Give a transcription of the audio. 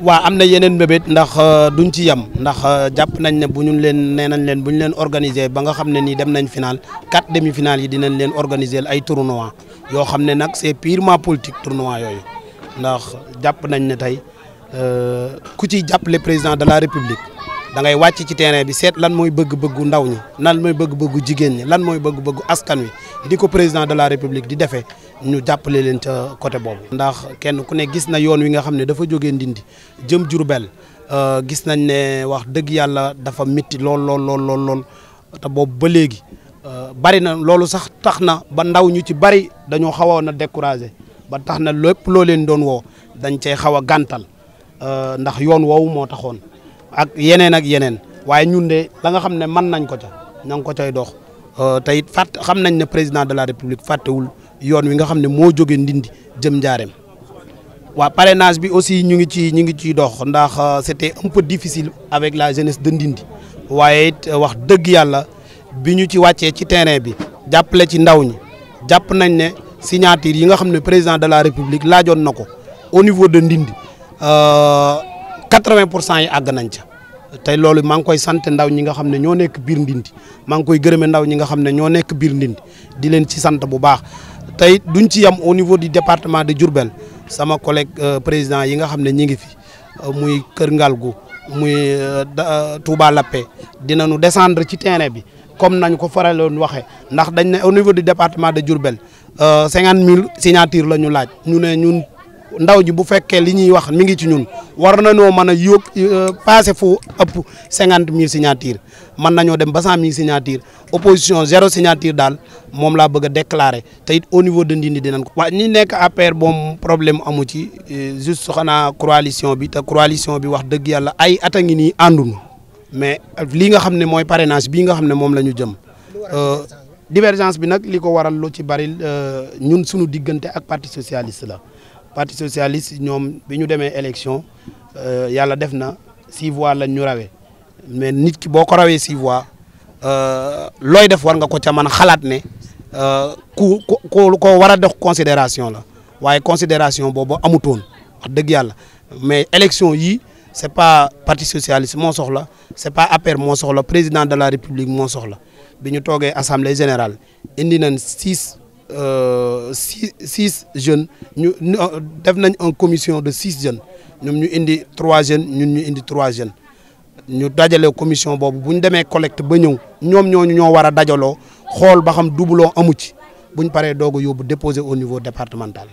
waaw am na yeneen mbébét ndax euh, duñ ci yem ndax euh, jàpp nañ ne bu ñu leen nee nañ leen bu ñu leen organiser ba nga xam ne nii dem nañ final quatre demi finales yi dinañ leen organiser ay tournois yoo xam ne nag c'est purement politique tournoi yooyu ndax jàpp nañ ne tey euh, ku ciy jàppale président de la république. da ngay wàcc ci terrain bi seet lan mooy bëgg-bëggu ndaw ñi nan mooy bëgg-bëggu jigéen ñi lan mooy bëgg-bëggu askan wi di ko président de la république di defee ñu jàppale leen ca côté boobu. ndax kenn ku ne gis na yoon wi nga xam ne dafa jógee Ndindi jëm Diourbel euh, gis nañ ne wax dëgg yàlla dafa métti lool lool lool lool te boobu ba léegi euh, bari na loolu sax tax na ba ndaw ñu ci bari dañoo xawoon a découragé ba tax na lépp loo leen doon woo dañ cee xaw a gàntal euh, ndax yoon woowu moo taxoon. ak yeneen ak yeneen waaye ñun de la nga xam ne man nañ ko ca ña ngi ko dox euh, te it fàtt xam nañ ne président de la république fàttewul yoon wi nga xam ne moo jóge ndindi jëm njaareem waa parenage bi aussi ñu ngi ci ñu ngi ciy dox ndax euh, c'était un peu difficile avec la jeunesse de ndindi waaye it euh, wax dëgg yàlla bi ñu ci wàccee ci terrain bi jàppale ci ndaw ñi jàpp nañ ne signature yi nga xam ne président de la république laajoon na ko au niveau de ndindi 80 pour cent yi àgg nañ ca tey loolu maa ngi koy sant ndaw ñi nga xam ne ñoo nekk biir ndindi maa ngi koy gërëme ndaw ñi nga xam ne ñoo nekk biir ndindi di leen ci sant bu baax tey duñ ci yam au niveau du département de Diourbel sama collègue euh, président yi nga xam ne ñi ngi fi euh, muy Kër gu muy euh, Touba dina dinañu descendre ci terrain bi comme nañ ko faraloon waxee ndax dañ ne au niveau de département de Diourbel cinquante mille signature la ñu laaj ñu ñun ndaw ji bu fekkee li ñuy wax mi ngi ci ñun war nañoo mën a yóg euh, passé fu ëpp cinquante mille signature mën nañoo dem ba cent mille signature opposition zéro signature daal moom laa bëgg a déclarer te it au niveau de Ndindi dinañ ko. waa ñi nekk APR boom problème amu ci euh, juste xanaa coalition bi te coalition bi wax dëgg yàlla ay at a ngi nii àndunu mais lii nga xam ne mooy parrainage bii nga xam ne moom lañu ñu jëm. Euh, divergence bi nag li ko waral loo ci bari ñun suñu diggante ak parti socialiste la. parti socialiste ñoom bi ñu demee élection euh, yàlla def na six voix lañ ñu rawee mais nit ki boo ko rawee six voix euh, looy def war nga ko ca xalaat ne euh, ku ku ko war a dox considération la waaye considération boobu amutoon wax dëgg yàlla mais élection yii c'est pas parti socialiste moo soxla c'est pas APR moo soxla président de la république moo soxla bi ñu toogee assemblée générale indi nañ six Euh, six six jeunes ñu euh, def nañ en commission de six jeunes ñoom ñu indi trois jeunes ñun ñu indi trois jeunes ñu dajale commission boobu bu ñu demee collect ba ñëw ñoom ñooñu ñoo war a dajaloo xool ba xam doublon amu ci bu ñu paree doog a yóbbu déposer au niveau départemental.